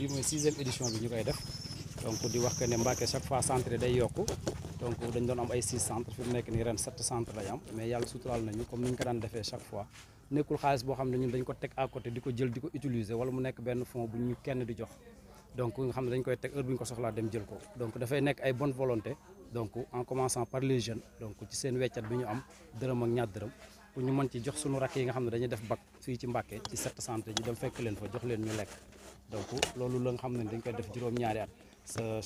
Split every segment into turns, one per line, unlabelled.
bii mooy sixième édition bi ñu koy def donc di wax que ne Mbacké chaque fois centre day yokku donc dañ doon am ay six centres fi mu nekk nii ren sept centres lañ am mais yàlla suturaal nañu comme ni ñu ko daan defee chaque fois nekkul xaalis boo xam ne ñun dañ ko teg à côté di ko jël di ko utiliser wala mu nekk benn fonds bu ñu kenn di jox donc xam ne dañ koy teg heure bu ñu ko soxlaa dem jël ko donc dafay nekk ay bonne volonté donc en commençant par les seen weccat bi ñu am pour ñu mën ci jox suñu rakk yi nga xam ne dañuy def bac fii ci Mbàkke ci cette santé ji dem fekk leen fa jox leen ñu lekk donc loolu la nga xam ne dañ koy def juróom-ñaari at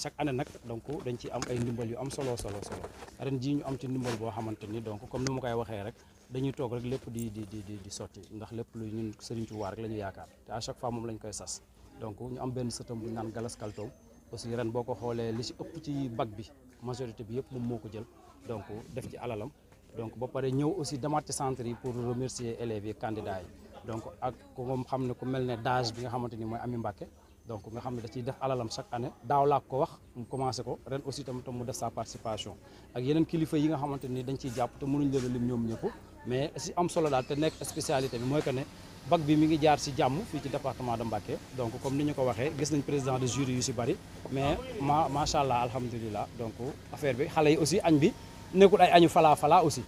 chaque année nag donc dañ ci am ay ndimbal yu am solo solo solo ren ñu am ci ndimbal boo xamante ni donc comme ni ma koy waxee rek dañuy toog rek lépp di di di di sotti ndax lépp lu ñun Serigne Touba rek la yaakaar te à chaque fois moom la ñu koy sas donc ñu am benn sëtam bu ñu naan Galas Kaltoom aussi ren boo ko xoolee li si ëpp ci bag bi majorité bi yëpp moom moo ko jël donc def ci alalam donc ba pare ñëw aussi demaat ci centre yi pour remercier élèves yi candidats yi donc ak ku xam ne ku mel ne dage bi nga xamante ni mooy Ami Mbacké donc nga xam ne da ciy def alalam chaque année daaw laa ko wax mu commencé ko ren aussi tam tam mu def sa participation ak yeneen kilifa yi nga xamante ni dañ ciy jàpp te mënuñ leen a lim ñoom ñëpp mais si am solo daal te nekk spécialité bi mooy que ne bac bi mi ngi jaar si jàmm fii ci département de Mbacké donc comme ni ko waxee gis nañ président de jury si bari mais ma macha allah alhamdulilah donc affaire bi xale aussi añ bi. nekkul ay añu falaa falaa aussi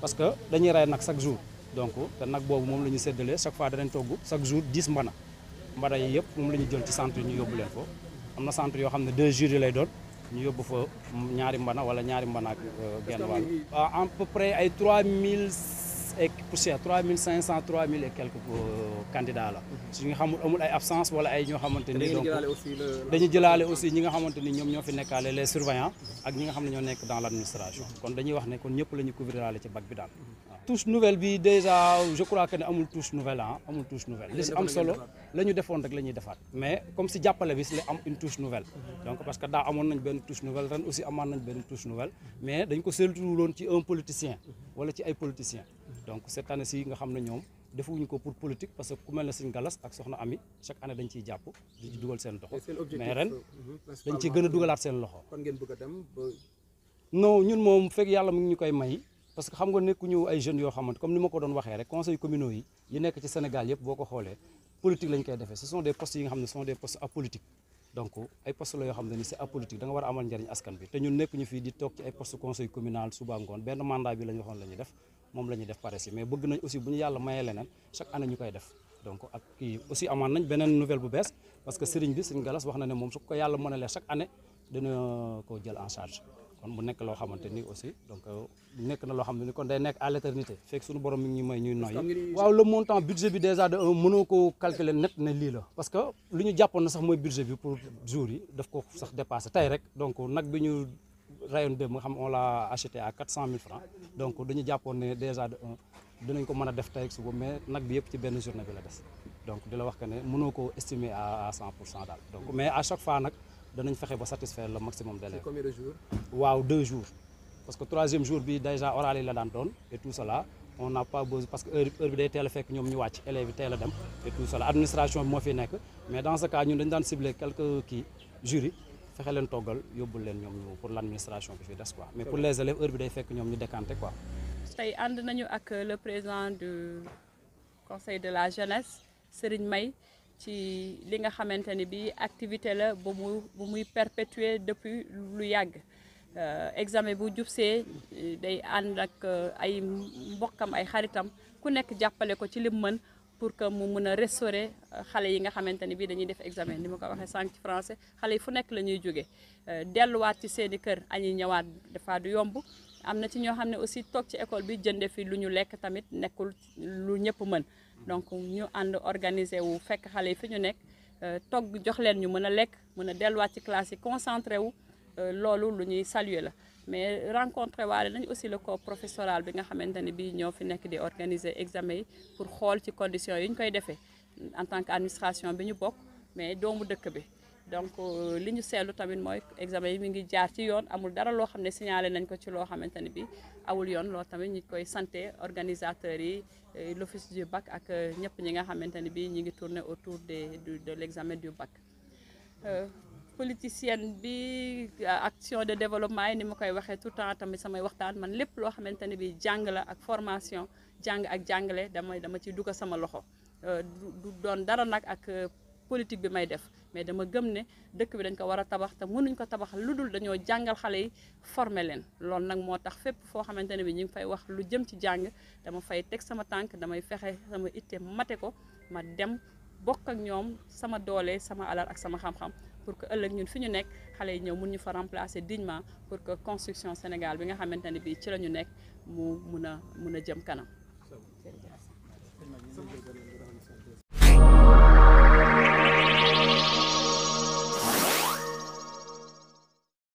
parce que dañuy rey nag chaque jour donc te nag boobu moom la ñu séddalee chaque fois danañ togg chaque jour 10 mbana mbana yi yëpp moom la ñu jël ci centre yi ñu yóbbu leen ko am na centre yoo xam ne deux jours yi lay doon ñu yóbbu fa ñaari mbana wala ñaari mbana euh, genn wàll euh, à peu près ay 3000 et poussière 3500 3000 et quelques euh, candidats la. Mhm. su ñu xamul amul ay absence wala ay ñoo xamante ni. donc dañuy jëlaale aussi ñi nga xamante ni ñoom ñoo fi nekkaale les surveillants. ak ñi nga xam ne ñoo nekk dans l' administration. Mhm. kon dañuy wax ne kon ñëpp la ñu couvriraale ci bac bi daal. Mhm. touche nouvelle bi déjà je crois que ne amul touche nouvelle ah amul touche nouvelle li si am solo la defoon rek la defaat mais comme si jàppale bi si la am une touche nouvelle donc parce que daa amoon nañ benn touche nouvelle ren aussi amaan donc cette année ci nga xam ne ñoom defuñu ko pour politique parce que ku mel ne Serigne Gallas ak Soxna Ami chaque année dañ ciy jàpp di ci dugal seen loxo mais ren euh, mhm. dañ ciy gën a dugalaat seen loxo. kon a dem ba. non ñun moom fekk yàlla mu ngi ñu koy may parce que xam nga nekkuñu ay jeunes yoo xamante comme ni ma ko doon waxee rek conseils communaux yi yi ci Sénégal yëpp boo ko xoolee politique lañ koy defee ce sont des postes yi nga xam ne ce sont des postes apolitiques donc ay postes la xam ne c'est a amal njariñ moom la ñuy def pare si mais bëgg nañ aussi bu ñu yàlla mayee leneen chaque année ñu koy def donc ak kii aussi amaan nañ beneen nouvelle bu bees parce que sëriñ bi sëriñ Galas wax na ne moom su ko yàlla mënalee chaque année dina ko jël en charge kon mu nekk loo xamante ni aussi donc euh, nekk na loo xam ne ni kon day nekk à l'éternité fekk suñu borom mi may ñuy noyyi waaw le montant budget bi déjà de mënoo ko calculer net ne lii la parce que lu ñu jàppoon na sax rayon 2 mu nga xam on l'a acheté à 400 000 francs donc dañu jàppoon ne déjà de un dinañ ko mën a def tey ak suba mais nag bi yëpp ci benn journée bi la des donc di la wax que ne mënoo ko estimer à 100 pour cent daal donc mais à chaque fois nag danañ fexe ba satisfaire le maximum d'élèves. c'est combien de jours. waaw deux jours parce que troisième jour bi déjà oral yi la daan doon et tout cela on n'a pas besoin parce que heure heure bi day teel a fekk ñoom ñu wàcc élèves yi dem et tout cela administration fexe leen toggal yóbbu leen ñoom ñu pour l' administration bi fi des quoi mais pour les élèves heure bi day fekk ñoom ñu décanté quoi.
tey ànd nañu ak le président du conseil de la jeunesse Serigne May ci li nga xamante ni bi activité la bu mu bu muy perpétuer depuis lu yàgg euh, examen bu jubsee day ànd ak euh, ay mbokkam ay xaritam ku nekk jàppale ko ci lim mën. pour que mu mun a restaurer euh, xale yi nga xamante ni bii dañuy def examen ni ma ko waxee sànq ci français xale yi fu nekk la ñuy jóge euh, delluwaat ci seeni kër añuy ñëwaat dafa du yomb am na ci ñoo xam ne aussi toog ci école bi jënde fii lu ñu lekk tamit nekkul lu ñëpp mën donc ñu ànd organiser wu fekk xale yi fi ñu nekk euh, togg jox leen ñu mën a lekk mën a delluwaat ci classe yi concentré wu Euh, loolu lu ñuy saluer la mais rencontré waale nañ aussi le ko professoral bi nga xamante ne bii ñoo fi nekk di organiser examen yi pour xool ci conditions yi ñu koy defee en tant que administration bi ñu bokk mais doomu dëkk bi donc euh, li ñu seetlu tamit mooy examen yi mi ngi jaar ci yoon amul dara loo xam ne signalé nañ ko ci loo xamante ne bi awul yoon loo tamit ñi koy santé organisateurs yi euh, l'office du bac ak ñëpp ñi nga xamante ne bi ñi ngi tourner autour des de l'examen du bac politicienne bi euh, action de développement yi ni ma koy waxee tout temps tamit samay waxtaan man lépp loo xamante ne bi jàng la ak formation jàng ak jàngale dama dama ci dugal sama loxo euh, du doon dara nag ak euh, politique bi may def mais dama gëm ne dëkk bi dañ ko war a tabax te mënuñ ko tabax lu dul dañoo jàngal xale yi former leen loolu nag moo tax fépp foo xamante ne bi ñu ngi fay wax lu jëm ci jàng dama fay teg sama tànk damay fexe sama itte mate ko ma dem bokk ak ñoom sama doole sama alal ak sama xam pour que ëllëg ñun fi ñu nekk xale yi ñëw mun ñu fa remplacer dignement pour que construction Sénégal bi nga xamante ne bii ci la ñu nekk mu mun a mun a jëm kanam.